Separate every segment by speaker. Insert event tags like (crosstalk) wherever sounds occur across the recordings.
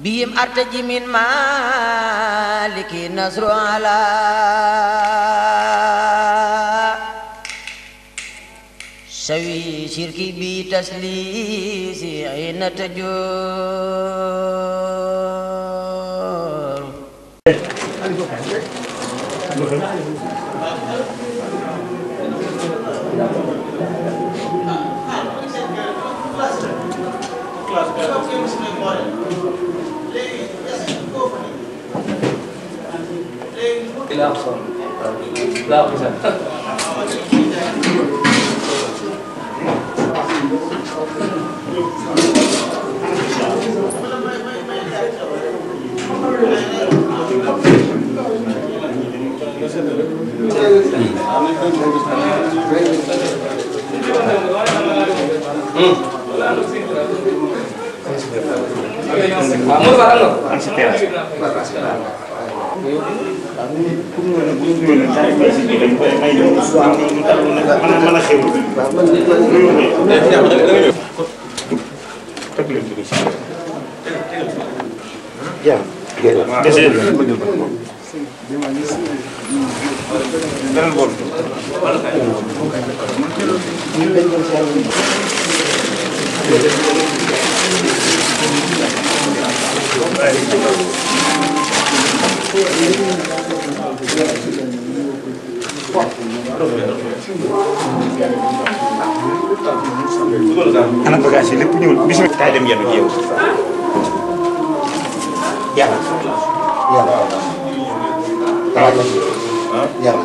Speaker 1: بهم أرتجي من مالك نصر على سوي شركي بتسليس عين تجور إلى أقصى لا أقصى Kamu barang loh. Masih tiada. waaw ñun pour ñu ne bu ñu ñëwee nag ñaari mbéy si ñu dem ba ay dem. waaw ñu ñu tàllu nag mën a mën a xew. waaw man de man de loolu mooy. teg leen dugg si. jaa jërëjëf. waaw dese bi dama jël ko. beneen bool. ñun dañu doon seetlu. ana bagage yi lépp ñëwul bisim kaay dem yenn yow yàlla yàlla yàlla ah. yàlla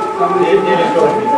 Speaker 1: léegi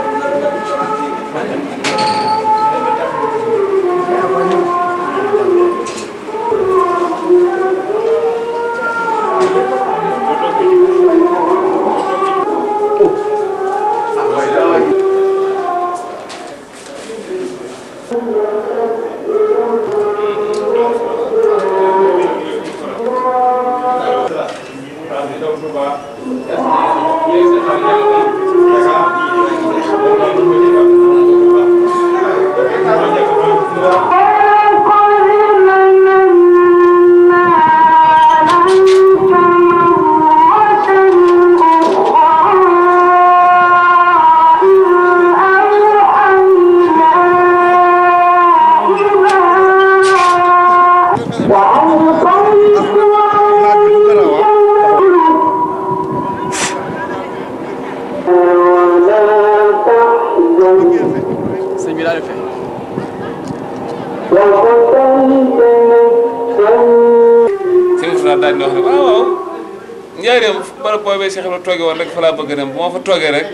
Speaker 1: njaareem barab boobee Cheikh Ibrahima tooge woon rek fa laa bëgg a dem moo fa toogee rek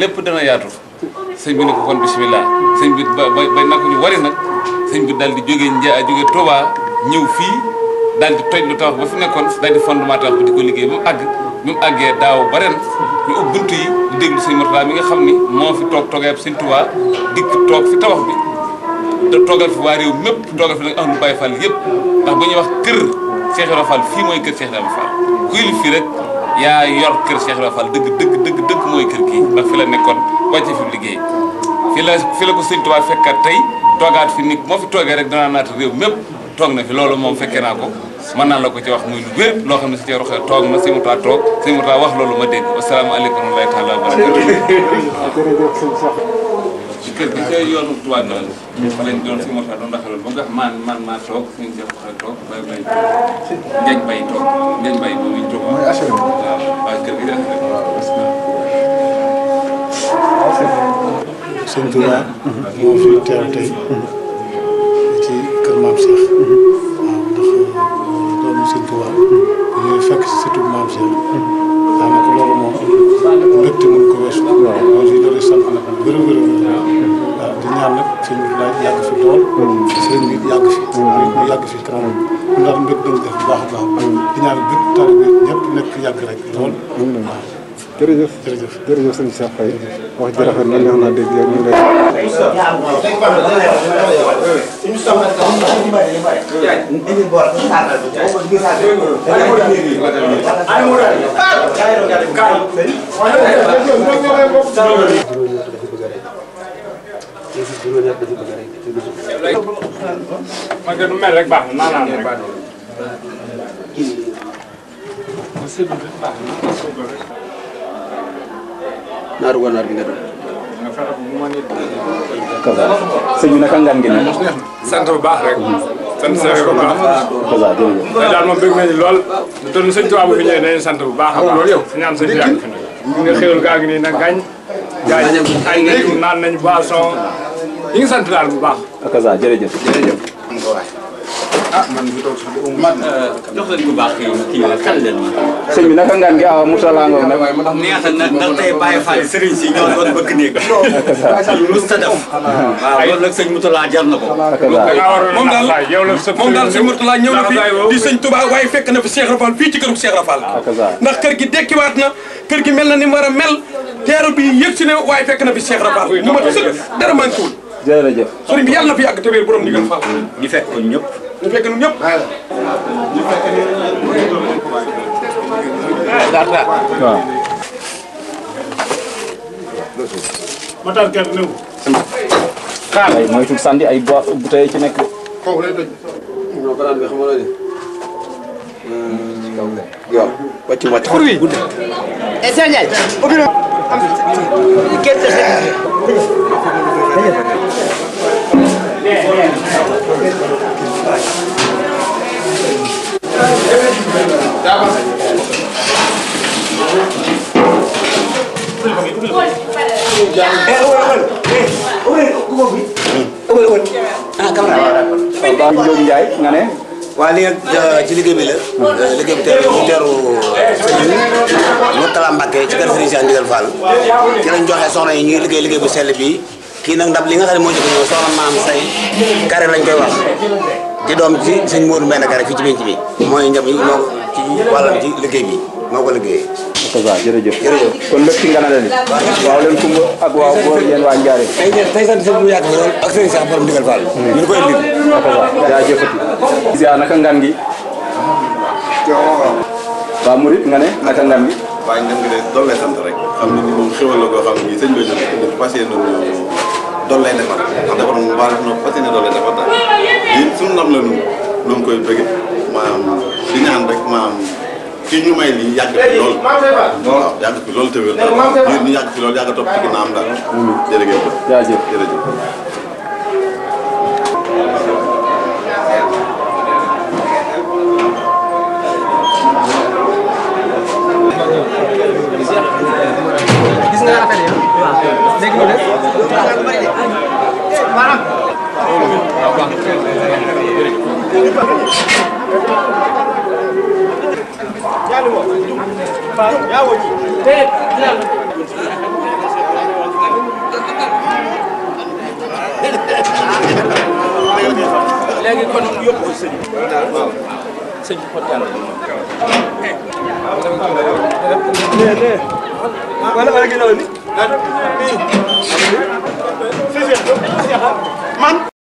Speaker 1: lépp dana yaatu sëñ bi ne ko kon bisimilah sëñ bi ba ba na ko ñu wari nag sëñ bi dal di jógee Nja jóge Touba ñëw fii dal di toj lu tabax ba fi nekkoon daal di fondement tabax bi di ba mu àgg bi mu àggee daaw ba ren ñu yi di si sëñ Mourtada mi nga xam ni moo fi toog toogee ab sëñ Touba dikk toog si tabax bi te toogal fi waa réew mépp toogal fi nag ahlu Baye Fall yëpp ndax bu ñuy wax kër Cheikh Ibra fii mooy kër Cheikh Ibra Fall fii rek yaa yor kër Cheikh Ibra Fall dëgg dëgg dëgg dëgg mooy kër gii ndax fi la nekkoon wàcce fi liggéey fi la fi la ko sëñ Tuubaa fekkaat tey toogaat fi nit moo fi toogee rek danaa naata réew mépp toog na fi loolu moom fekkee naa ko man naa la ko ci wax muy lu wér loo xam ne si cee roxee toog na si mutaa toog si mutaa wax loolu ma dégg asalaamaaleykum wa rahmatullaahi taala wa barakaatuh (laughs) kër gi ca yoonu Touba Gawane. fa lañ doon si Moussa doon raxaloon ba nga xam man man maa toog suñu jëf xel toog bay bay toog ngeen bay toog ngeen bay boobu ñu toog. mooy assuré waaw waaw kër gi daal sëñ Touba moo fi teew tey ci kër maam Cheikh di ñaan bépp taw bi ñëpp nekk yàgg rek lool. jërëjëf jërëjëf jërëjëf sëñ Cheikh Faye wax ji rafet na neex naa dégg yow ñu ngi lay. mel rek baax na naan rek gindi naaru ganaar bi nga doon. Kaza sëñ bi bu baax rek. sant sëñ daal moom bëgg nañu lool. lu toll sëñ Tuubaa bu fi ñëwee dañuy sant bu baax a baax. su ñu am sëñ yàgg fi ñu nga xéwal gaa ngi nii nag gañ. gañ ay nañu naan nañu boisson. ñu ngi sant daal bu baax. Kaza jërëjëf. jërëjëf. ah man mi toog sax di man euh, jox leen bu baax kii kii la kan leen ma. sëñ bi naka ngaan gi ah Moussa Lango na ndax tey Baye Fall sëriñ si ñoo doon bëgg (laughs) nag sëñ Moutala jar fekk na fi Cheikh Rafal fii ci këru Cheikh Rafal. Ah, ndax kër gi dekkiwaat na kër mel na ni mu a mel teeru bi yëg ne waaye fekk na fi Cheikh Rafal mu mat sëkk dara manqué wul. jërëjëf sëriñ bi yàlla na fi yàgg te wér borom ndigal Fall. ñu fekk ñu fekk ñun ñëpp. ñu fekk ñun. daal daal waaw. Matar gerte néew. xaar ay moytu sànni ay bo bouteille ci nekk. xaw lay doj. non banaan bi xam nga ci kaw la. waaw wàcc wàcc. xur wi guddi. Sëñ Ndiaye. am gerte xeetu. Ndiogou Ndiaye nga ne waaw li nga ci liggéey bi la liggéey bi teeru teeru sëñ Mourtala Mbacke ci kër Serigne Cheikh Ndigal Fall ci lañ joxe soxna yi ñuy liggéey liggéey bu sell bi kii nag ndab li nga xam ne moo jëkk ñëw soxna maam say carré lañ koy wax di doom ci sëñ Modou Mbène Kane fii ci biir bi moo ci wàllam ci liggéey bi moo ko liggéeyee. waaw jërëjëf jërëjëf kon lépp ci ngana la li waaw leen kumba ak waaw góor yéen waa Ndiaré tey tey sant sëñ bu yàgg lool ak sëñ sax borom ndigal Fall hmm. ñu koy indi yaa jëfati naka ngan gi waa murit nga ne naka ngan gi waaye ngan gi de doole sant rek xam ne ni moom xéwal la koo xam ne sëñ bi ñu passé nañu doole defar ndax defar moom waa def na fas yéene doole defar daal lii suñu ndam la ñu doon koy bëgg maanaam di ñaan rek maanaam kii ñu may lii yàgg fi lool. waaw yàgg fi lool te wér. ñu yàgg fi lool yàgg topp ci ginnaawam daal. jërëjëf jërëjëf. Ba déedéet dinaa la. léegi kon yóbbu ko sëñ bi. waaw sëñ bi kontaan na. man.